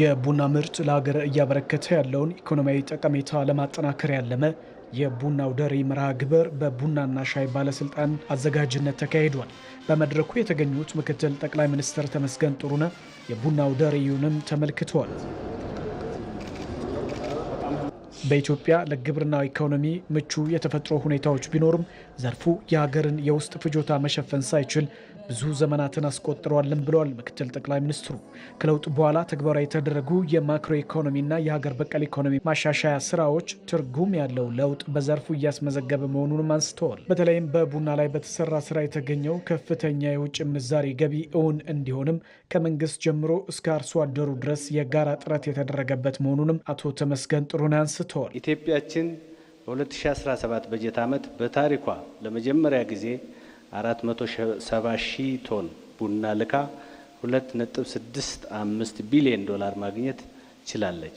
የቡና ምርት ለሀገር እያበረከተ ያለውን ኢኮኖሚያዊ ጠቀሜታ ለማጠናከር ያለመ የቡናው ደሪ መርሃ ግብር በቡናና ሻይ ባለስልጣን አዘጋጅነት ተካሂዷል። በመድረኩ የተገኙት ምክትል ጠቅላይ ሚኒስትር ተመስገን ጥሩነህ የቡናው ደሪውንም ተመልክተዋል። በኢትዮጵያ ለግብርና ኢኮኖሚ ምቹ የተፈጥሮ ሁኔታዎች ቢኖሩም ዘርፉ የሀገርን የውስጥ ፍጆታ መሸፈን ሳይችል ብዙ ዘመናትን አስቆጥረዋልን ብለዋል ምክትል ጠቅላይ ሚኒስትሩ። ከለውጥ በኋላ ተግባራዊ የተደረጉ የማክሮ ኢኮኖሚና የሀገር በቀል ኢኮኖሚ ማሻሻያ ስራዎች ትርጉም ያለው ለውጥ በዘርፉ እያስመዘገበ መሆኑንም አንስተዋል። በተለይም በቡና ላይ በተሰራ ስራ የተገኘው ከፍተኛ የውጭ ምንዛሬ ገቢ እውን እንዲሆንም ከመንግስት ጀምሮ እስከ አርሶ አደሩ ድረስ የጋራ ጥረት የተደረገበት መሆኑንም አቶ ተመስገን ጥሩን አንስቶ ተሰጥተዋል። ኢትዮጵያችን በ2017 በጀት ዓመት በታሪኳ ለመጀመሪያ ጊዜ 470 ሺህ ቶን ቡና ልካ 2.65 ቢሊዮን ዶላር ማግኘት ችላለች።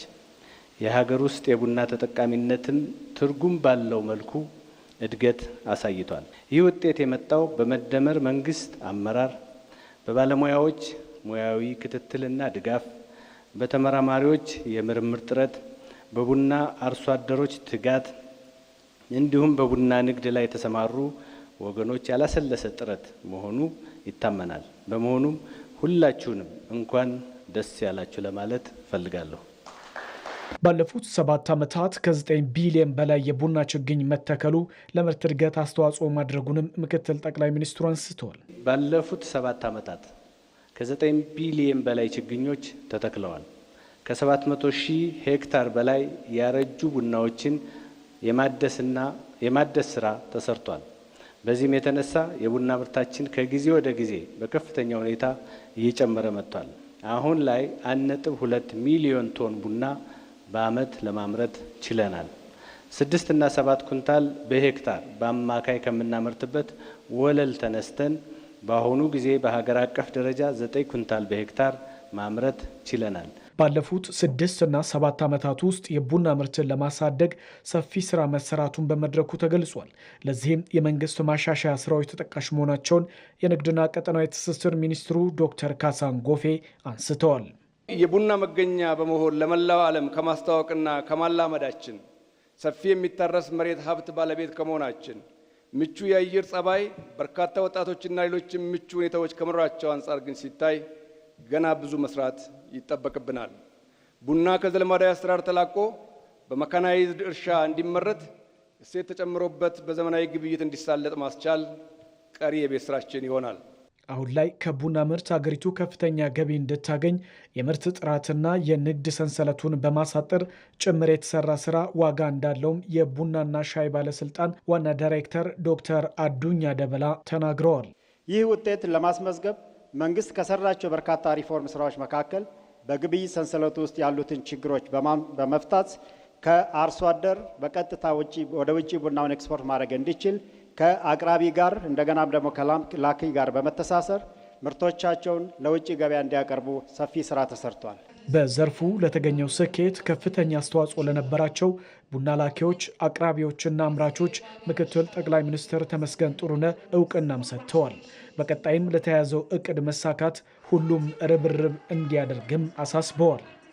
የሀገር ውስጥ የቡና ተጠቃሚነትም ትርጉም ባለው መልኩ እድገት አሳይቷል። ይህ ውጤት የመጣው በመደመር መንግስት አመራር፣ በባለሙያዎች ሙያዊ ክትትልና ድጋፍ፣ በተመራማሪዎች የምርምር ጥረት በቡና አርሶ አደሮች ትጋት እንዲሁም በቡና ንግድ ላይ የተሰማሩ ወገኖች ያላሰለሰ ጥረት መሆኑ ይታመናል። በመሆኑም ሁላችሁንም እንኳን ደስ ያላችሁ ለማለት ፈልጋለሁ። ባለፉት ሰባት ዓመታት ከ9 ቢሊዮን በላይ የቡና ችግኝ መተከሉ ለምርት እድገት አስተዋጽኦ ማድረጉንም ምክትል ጠቅላይ ሚኒስትሩ አንስተዋል። ባለፉት ሰባት ዓመታት ከ9 ቢሊዮን በላይ ችግኞች ተተክለዋል። ከ700 ሺህ ሄክታር በላይ ያረጁ ቡናዎችን የማደስና የማደስ ስራ ተሰርቷል። በዚህም የተነሳ የቡና ምርታችን ከጊዜ ወደ ጊዜ በከፍተኛ ሁኔታ እየጨመረ መጥቷል። አሁን ላይ አንድ ነጥብ ሁለት ሚሊዮን ቶን ቡና በአመት ለማምረት ችለናል። ስድስት እና ሰባት ኩንታል በሄክታር በአማካይ ከምናመርትበት ወለል ተነስተን በአሁኑ ጊዜ በሀገር አቀፍ ደረጃ ዘጠኝ ኩንታል በሄክታር ማምረት ችለናል። ባለፉት ስድስት እና ሰባት ዓመታት ውስጥ የቡና ምርትን ለማሳደግ ሰፊ ስራ መሰራቱን በመድረኩ ተገልጿል። ለዚህም የመንግስት ማሻሻያ ስራዎች ተጠቃሽ መሆናቸውን የንግድና ቀጠናዊ ትስስር ሚኒስትሩ ዶክተር ካሳን ጎፌ አንስተዋል። የቡና መገኛ በመሆን ለመላው ዓለም ከማስተዋወቅና ከማላመዳችን ሰፊ የሚታረስ መሬት ሀብት ባለቤት ከመሆናችን ምቹ የአየር ጸባይ፣ በርካታ ወጣቶችና ሌሎችም ምቹ ሁኔታዎች ከመኖራቸው አንጻር ግን ሲታይ ገና ብዙ መስራት ይጠበቅብናል። ቡና ከዘለማዳዊ አሰራር ተላቆ በመካናይዝድ እርሻ እንዲመረት እሴት ተጨምሮበት በዘመናዊ ግብይት እንዲሳለጥ ማስቻል ቀሪ የቤት ስራችን ይሆናል። አሁን ላይ ከቡና ምርት አገሪቱ ከፍተኛ ገቢ እንድታገኝ የምርት ጥራትና የንግድ ሰንሰለቱን በማሳጠር ጭምር የተሰራ ስራ ዋጋ እንዳለውም የቡናና ሻይ ባለስልጣን ዋና ዳይሬክተር ዶክተር አዱኛ ደበላ ተናግረዋል። ይህ ውጤት ለማስመዝገብ መንግስት ከሰራቸው በርካታ ሪፎርም ስራዎች መካከል በግብይት ሰንሰለቱ ውስጥ ያሉትን ችግሮች በመፍታት ከአርሶ አደር በቀጥታ ወደ ውጭ ቡናውን ኤክስፖርት ማድረግ እንዲችል ከአቅራቢ ጋር እንደገናም ደግሞ ከላኪ ጋር በመተሳሰር ምርቶቻቸውን ለውጭ ገበያ እንዲያቀርቡ ሰፊ ስራ ተሰርቷል። በዘርፉ ለተገኘው ስኬት ከፍተኛ አስተዋጽኦ ለነበራቸው ቡና ላኪዎች፣ አቅራቢዎችና አምራቾች ምክትል ጠቅላይ ሚኒስትር ተመስገን ጥሩነ እውቅናም ሰጥተዋል። በቀጣይም ለተያዘው እቅድ መሳካት ሁሉም ርብርብ እንዲያደርግም አሳስበዋል።